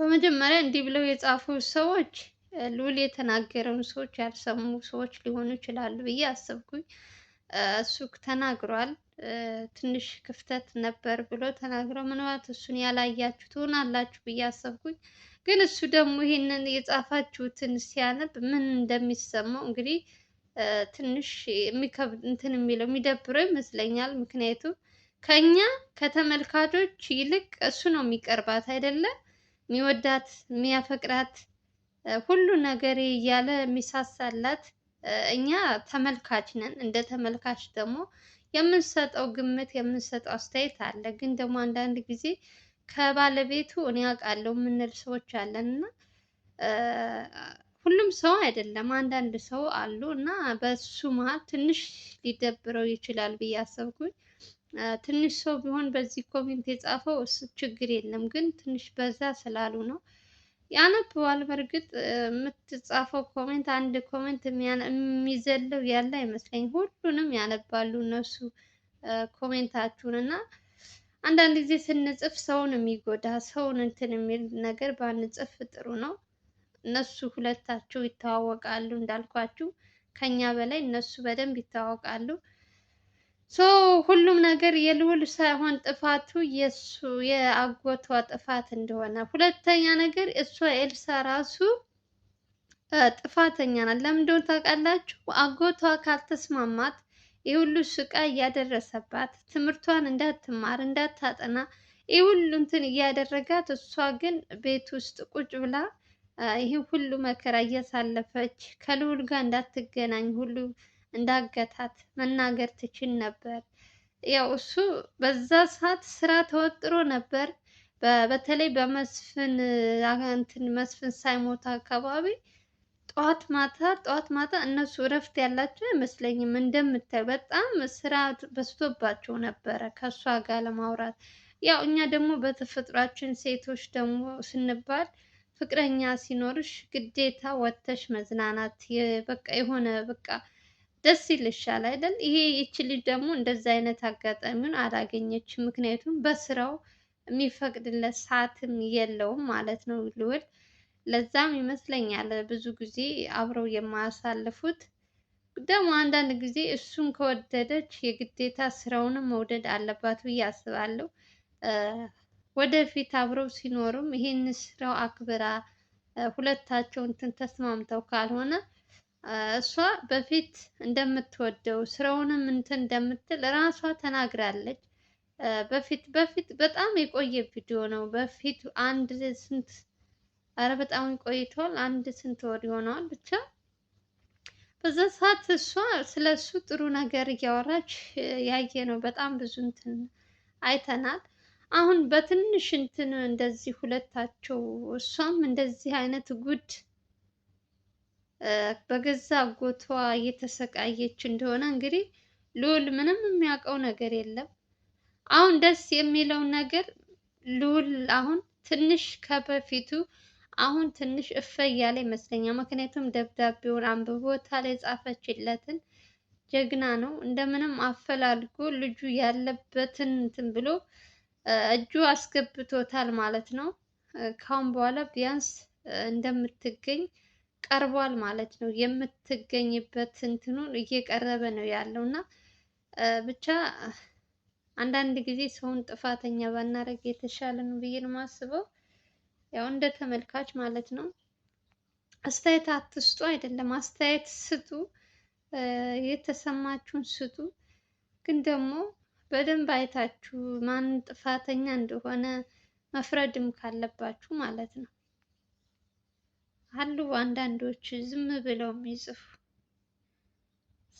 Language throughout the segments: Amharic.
በመጀመሪያ እንዲህ ብለው የጻፉ ሰዎች ልዑል የተናገረውን ሰዎች ያልሰሙ ሰዎች ሊሆኑ ይችላሉ ብዬ አሰብኩኝ። እሱ ተናግሯል። ትንሽ ክፍተት ነበር ብሎ ተናግረው ምናልባት እሱን ያላያችሁ ትሆናላችሁ ብዬ አሰብኩኝ። ግን እሱ ደግሞ ይህንን የጻፋችሁትን ሲያነብ ምን እንደሚሰማው እንግዲህ ትንሽ የሚከብድ እንትን የሚለው የሚደብረው ይመስለኛል። ምክንያቱም ከኛ ከተመልካቾች ይልቅ እሱ ነው የሚቀርባት አይደለም የሚወዳት የሚያፈቅራት ሁሉ ነገሬ እያለ የሚሳሳላት እኛ ተመልካች ነን። እንደ ተመልካች ደግሞ የምንሰጠው ግምት የምንሰጠው አስተያየት አለ። ግን ደግሞ አንዳንድ ጊዜ ከባለቤቱ እኔ አውቃለሁ የምንል ሰዎች አለን እና ሁሉም ሰው አይደለም፣ አንዳንድ ሰው አሉ እና በሱ መሀል ትንሽ ሊደብረው ይችላል ብዬ አሰብኩኝ። ትንሽ ሰው ቢሆን በዚህ ኮሜንት የጻፈው እሱ ችግር የለም፣ ግን ትንሽ በዛ ስላሉ ነው። ያነበዋል። በእርግጥ የምትጻፈው ኮሜንት አንድ ኮሜንት የሚዘለው ያለ አይመስለኝ። ሁሉንም ያነባሉ እነሱ ኮሜንታችሁን እና አንዳንድ ጊዜ ስንጽፍ ሰውን የሚጎዳ ሰውን እንትን የሚል ነገር ባንጽፍ ጥሩ ነው። እነሱ ሁለታቸው ይተዋወቃሉ እንዳልኳችሁ ከኛ በላይ እነሱ በደንብ ይተዋወቃሉ። ሶ ሁሉም ነገር የልዑል ሳይሆን ጥፋቱ የእሱ የአጎቷ ጥፋት እንደሆነ፣ ሁለተኛ ነገር እሷ ኤልሳ ራሱ ጥፋተኛ ናት። ለምን እንደሆነ ታውቃላችሁ? አጎቷ ካልተስማማት ይህ ሁሉ ስቃይ እያደረሰባት ትምህርቷን እንዳትማር እንዳታጠና ይህ ሁሉ እንትን እያደረጋት፣ እሷ ግን ቤት ውስጥ ቁጭ ብላ ይህ ሁሉ መከራ እያሳለፈች ከልዑል ጋር እንዳትገናኝ ሁሉ እንዳገታት መናገር ትችል ነበር። ያው እሱ በዛ ሰዓት ስራ ተወጥሮ ነበር። በተለይ በመስፍን እንትን መስፍን ሳይሞት አካባቢ ጠዋት ማታ ጠዋት ማታ እነሱ እረፍት ያላቸው አይመስለኝም። እንደምታዩ በጣም ስራ በዝቶባቸው ነበረ ከእሷ ጋር ለማውራት። ያው እኛ ደግሞ በተፈጥሯችን ሴቶች ደግሞ ስንባል ፍቅረኛ ሲኖርሽ ግዴታ ወጥተሽ መዝናናት በቃ የሆነ በቃ ደስ ይልሻል አይደል? ይሄ ይቺ ልጅ ደግሞ እንደዛ አይነት አጋጣሚውን አላገኘችም። ምክንያቱም በስራው የሚፈቅድለት ሰዓትም የለውም ማለት ነው ልውል። ለዛም ይመስለኛል ብዙ ጊዜ አብረው የማያሳልፉት። ደግሞ አንዳንድ ጊዜ እሱን ከወደደች የግዴታ ስራውንም መውደድ አለባት ብዬ አስባለሁ። ወደፊት አብረው ሲኖሩም ይሄን ስራው አክብራ ሁለታቸው እንትን ተስማምተው ካልሆነ እሷ በፊት እንደምትወደው ስራውንም እንትን እንደምትል ራሷ ተናግራለች። በፊት በፊት በጣም የቆየ ቪዲዮ ነው። በፊት አንድ ስንት አረ በጣም ቆይቷል። አንድ ስንት ወር ይሆነዋል ብቻ በዛ ሰዓት እሷ ስለ እሱ ጥሩ ነገር እያወራች ያየ ነው። በጣም ብዙ እንትን አይተናል። አሁን በትንሽ እንትን እንደዚህ ሁለታቸው እሷም እንደዚህ አይነት ጉድ በገዛ አጎቷ እየተሰቃየች እንደሆነ እንግዲህ ልዑል ምንም የሚያውቀው ነገር የለም። አሁን ደስ የሚለው ነገር ልዑል አሁን ትንሽ ከበፊቱ አሁን ትንሽ እፈ እያለ ይመስለኛል። ምክንያቱም ደብዳቤውን አንብቦታል። የጻፈችለትን ጀግና ነው። እንደምንም አፈላልጎ ልጁ ያለበትን እንትን ብሎ እጁ አስገብቶታል ማለት ነው። ካሁን በኋላ ቢያንስ እንደምትገኝ ቀርቧል ማለት ነው። የምትገኝበት እንትኑን እየቀረበ ነው ያለው እና ብቻ አንዳንድ ጊዜ ሰውን ጥፋተኛ ባናደርግ የተሻለ ነው ብዬ ነው የማስበው። ያው እንደ ተመልካች ማለት ነው። አስተያየት አትስጡ አይደለም፣ አስተያየት ስጡ፣ የተሰማችሁን ስጡ። ግን ደግሞ በደንብ አይታችሁ ማን ጥፋተኛ እንደሆነ መፍረድም ካለባችሁ ማለት ነው። አሉ አንዳንዶች ዝም ብለው የሚጽፉ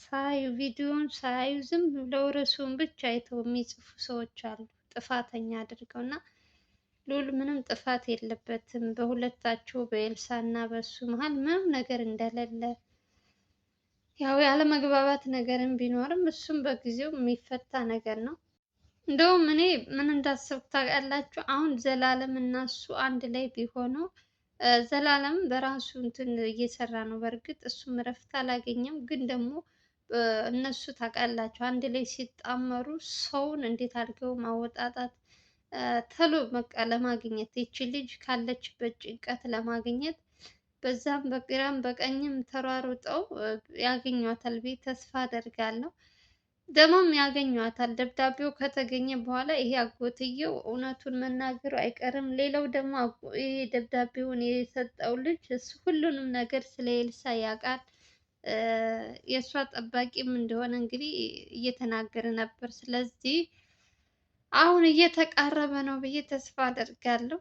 ሳዩ ቪዲዮውን ሳያዩ ዝም ብለው ርዕሱን ብቻ አይተው የሚጽፉ ሰዎች አሉ። ጥፋተኛ አድርገው እና ሉል ምንም ጥፋት የለበትም በሁለታቸው በኤልሳ እና በሱ መሀል ምንም ነገር እንደሌለ ያው ያለመግባባት ነገርም ቢኖርም እሱም በጊዜው የሚፈታ ነገር ነው። እንደውም እኔ ምን እንዳሰብኩ ታውቃላችሁ? አሁን ዘላለም እና እሱ አንድ ላይ ቢሆኑ ዘላለም በራሱ እንትን እየሰራ ነው። በእርግጥ እሱም እረፍት አላገኘም። ግን ደግሞ እነሱ ታውቃላችሁ አንድ ላይ ሲጣመሩ ሰውን እንዴት አድርገው ማወጣጣት ተሎ በቃ ለማግኘት ይቺ ልጅ ካለችበት ጭንቀት ለማግኘት በዛም በግራም በቀኝም ተሯሩጠው ያገኟታል ብዬ ተስፋ አደርጋለሁ። ደግሞም ያገኟታል። ደብዳቤው ከተገኘ በኋላ ይሄ አጎትየው እውነቱን መናገሩ አይቀርም። ሌላው ደግሞ ይሄ ደብዳቤውን የሰጠው ልጅ ሁሉንም ነገር ስለ ኤልሳ ያውቃል። የእሷ ጠባቂም እንደሆነ እንግዲህ እየተናገረ ነበር። ስለዚህ አሁን እየተቃረበ ነው ብዬ ተስፋ አደርጋለሁ።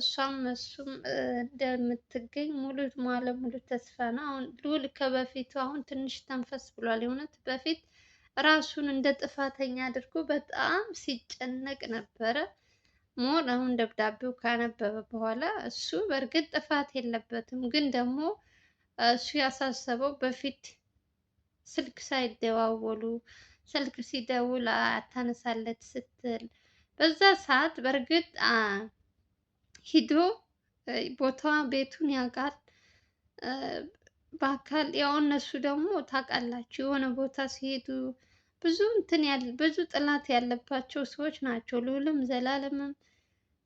እሷም እሱም እንደምትገኝ ሙሉ ማለ ሙሉ ተስፋ ነው። አሁን ልዑል ከበፊቱ አሁን ትንሽ ተንፈስ ብሏል። የእውነት በፊት ራሱን እንደ ጥፋተኛ አድርጎ በጣም ሲጨነቅ ነበረ። ሞር አሁን ደብዳቤው ካነበበ በኋላ እሱ በእርግጥ ጥፋት የለበትም፣ ግን ደግሞ እሱ ያሳሰበው በፊት ስልክ ሳይደዋወሉ ስልክ ሲደውል አታነሳለት ስትል በዛ ሰዓት በእርግጥ ሂዶ ቦታ ቤቱን ያውቃል በአካል ያው እነሱ ደግሞ ታውቃላችሁ የሆነ ቦታ ሲሄዱ ብዙ እንትን ያለ ብዙ ጥላት ያለባቸው ሰዎች ናቸው። ልዑልም ዘላለምም።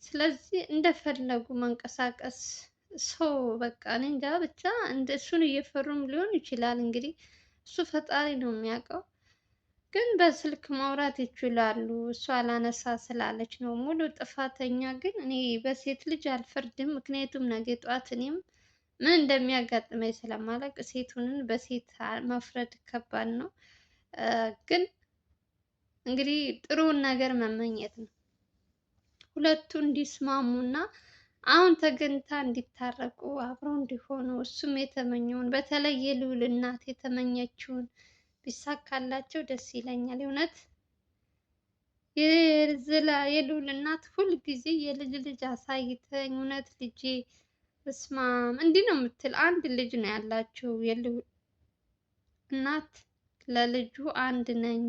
ስለዚህ እንደፈለጉ መንቀሳቀስ ሰው በቃ እኔ እንጃ ብቻ እንደሱን እየፈሩም ሊሆን ይችላል። እንግዲህ እሱ ፈጣሪ ነው የሚያውቀው። ግን በስልክ ማውራት ይችላሉ። እሷ አላነሳ ስላለች ነው ሙሉ ጥፋተኛ። ግን እኔ በሴት ልጅ አልፈርድም። ምክንያቱም ነገ ጧት እኔም ምን እንደሚያጋጥመኝ ስለማላውቅ ሴቱንን በሴት መፍረድ ከባድ ነው። ግን እንግዲህ ጥሩውን ነገር መመኘት ነው። ሁለቱ እንዲስማሙ እና አሁን ተገኝታ እንዲታረቁ አብረው እንዲሆኑ እሱም የተመኘውን በተለይ የልዑል እናት የተመኘችውን ቢሳካላቸው ደስ ይለኛል። እውነት የልዑል እናት ጊዜ የልጅ ልጅ አሳይተኝ እውነት ልጄ እስማም እንዲህ ነው የምትል አንድ ልጅ ነው ያላቸው የልዑል እናት ለልጁ አንድ ነኝ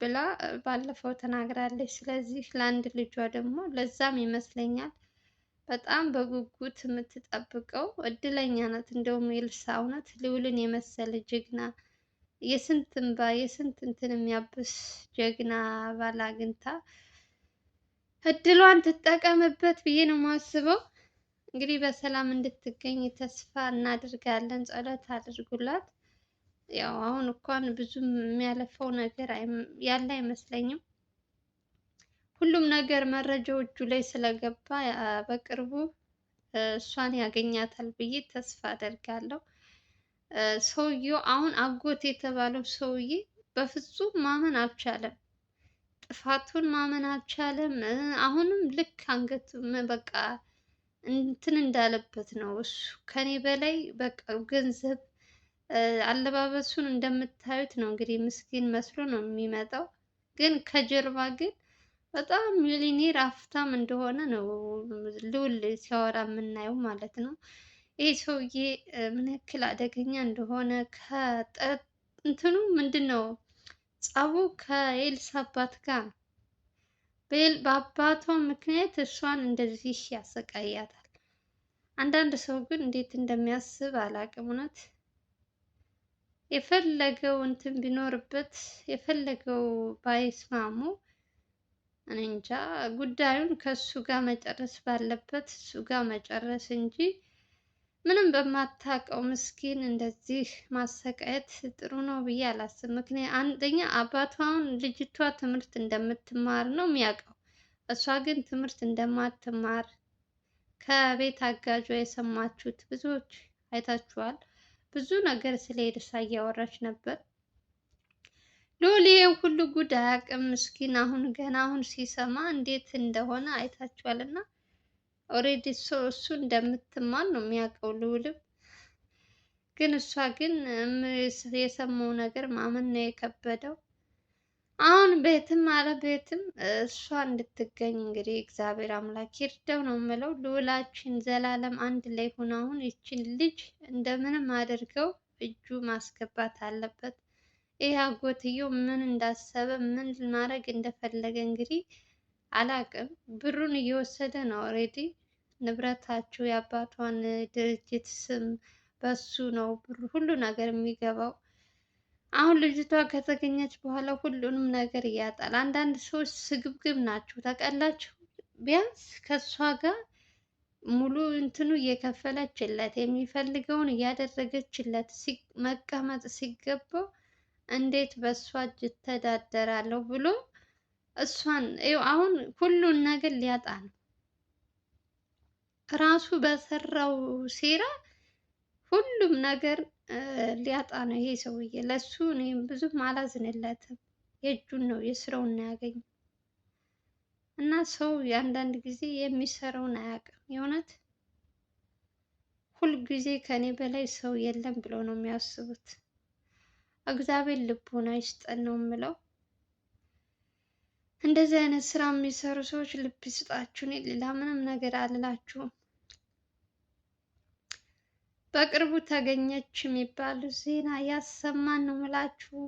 ብላ ባለፈው ተናግራለች። ስለዚህ ለአንድ ልጇ ደግሞ ለዛም ይመስለኛል በጣም በጉጉት የምትጠብቀው እድለኛ ናት። እንደውም ኤልሳ እውነት ልዑልን የመሰለ ጀግና የስንት እንባ የስንት እንትን የሚያብስ ጀግና ባል አግኝታ እድሏን ትጠቀምበት ብዬ ነው የማስበው። እንግዲህ በሰላም እንድትገኝ ተስፋ እናድርጋለን። ጸሎት አድርጉላት። ያው አሁን እንኳን ብዙም የሚያለፈው ነገር ያለ አይመስለኝም። ሁሉም ነገር መረጃው እጁ ላይ ስለገባ በቅርቡ እሷን ያገኛታል ብዬ ተስፋ አደርጋለሁ። ሰውየው አሁን አጎት የተባለው ሰውዬ በፍጹም ማመን አልቻለም። ጥፋቱን ማመን አልቻለም። አሁንም ልክ አንገቱ በቃ እንትን እንዳለበት ነው። እሱ ከኔ በላይ በቃ ገንዘብ አለባበሱን እንደምታዩት ነው እንግዲህ ምስኪን መስሎ ነው የሚመጣው። ግን ከጀርባ ግን በጣም ሚሊኔር አፍታም እንደሆነ ነው ልውል ሲያወራ የምናየው ማለት ነው። ይህ ሰውዬ ምን ያክል አደገኛ እንደሆነ ከእንትኑ ምንድን ነው ጸቡ ከኤልሳ አባት ጋር ነው። በአባቷ ምክንያት እሷን እንደዚህ ያሰቃያታል። አንዳንድ ሰው ግን እንዴት እንደሚያስብ አላቅም እውነት የፈለገው እንትን ቢኖርበት የፈለገው ባይስማሙ እኔ እንጃ ጉዳዩን ከእሱ ጋር መጨረስ ባለበት እሱ ጋር መጨረስ እንጂ ምንም በማታውቀው ምስኪን እንደዚህ ማሰቃየት ጥሩ ነው ብዬ አላስብም። ምክንያት አንደኛ አባቷን ልጅቷ ትምህርት እንደምትማር ነው የሚያውቀው። እሷ ግን ትምህርት እንደማትማር ከቤት አጋጇ የሰማችሁት ብዙዎች አይታችኋል። ብዙ ነገር ስለ ኤልሳ እያወራች ነበር። ሎሌ ሁሉ ጉድ አያውቅም ምስኪን። አሁን ገና አሁን ሲሰማ እንዴት እንደሆነ አይታችኋል። እና ኦልሬዲ እሱ እንደምትማል ነው የሚያውቀው ልውልም ግን እሷ ግን የሰማው ነገር ማመን ነው የከበደው። አሁን ቤትም አለ ቤትም እሷ እንድትገኝ እንግዲህ እግዚአብሔር አምላክ ይርዳው ነው የምለው። ልውላችን ዘላለም አንድ ላይ ሆነ። አሁን ይችን ልጅ እንደምንም አድርገው እጁ ማስገባት አለበት። ይህ አጎትየው ምን እንዳሰበ ምን ማድረግ እንደፈለገ እንግዲህ አላቅም። ብሩን እየወሰደ ነው ኦልሬዲ። ንብረታቸው የአባቷን ድርጅት ስም በሱ ነው ብሩ ሁሉ ነገር የሚገባው አሁን ልጅቷ ከተገኘች በኋላ ሁሉንም ነገር እያጣል። አንዳንድ ሰዎች ስግብግብ ናቸው ታውቃላችሁ። ቢያንስ ከእሷ ጋር ሙሉ እንትኑ እየከፈለችለት የሚፈልገውን እያደረገችለት መቀመጥ ሲገባው እንዴት በእሷ እጅ እተዳደራለሁ ብሎ እሷን አሁን ሁሉን ነገር ሊያጣ ነው። ራሱ በሰራው ሴራ ሁሉም ነገር ሊያጣ ነው ይሄ ሰውዬ። ለሱ እኔ ብዙም አላዝንለትም። የእጁን ነው የስራውን ነው ያገኘው። እና ሰው አንዳንድ ጊዜ የሚሰራውን አያውቅም። የእውነት ሁልጊዜ ከኔ በላይ ሰው የለም ብለው ነው የሚያስቡት። እግዚአብሔር ልቦና ይስጠን ነው የምለው። እንደዚህ አይነት ስራ የሚሰሩ ሰዎች ልብ ይስጣችሁ። እኔ ሌላ ምንም ነገር አልላችሁም። በቅርቡ ተገኘች የሚባል ዜና ያሰማን ነው ምላችሁ።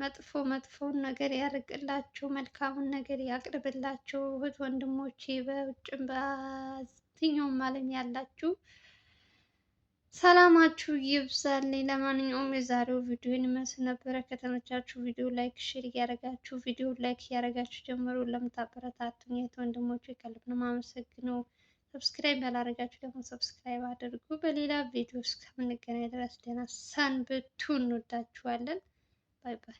መጥፎ መጥፎውን ነገር ያርቅላችሁ፣ መልካሙን ነገር ያቅርብላችሁ። እህት ወንድሞቼ፣ በውጭም በየትኛውም ዓለም ያላችሁ ሰላማችሁ ይብዛልኝ። ለማንኛውም የዛሬው ቪዲዮ ይመስል ነበረ። ከተመቻችሁ ቪዲዮ ላይክ፣ ሼር እያደረጋችሁ ቪዲዮ ላይክ እያደረጋችሁ ጀምሮ ለምታበረታቱኝ እህት ወንድሞቼ ከልብ ነው የማመሰግነው። ሰብስክራይብ ያላረጋችሁ ደግሞ ሰብስክራይብ አድርጉ። በሌላ ቪዲዮ እስከምንገናኝ ድረስ ደህና ሰንብቱ። እንወዳችኋለን። ባይ ባይ።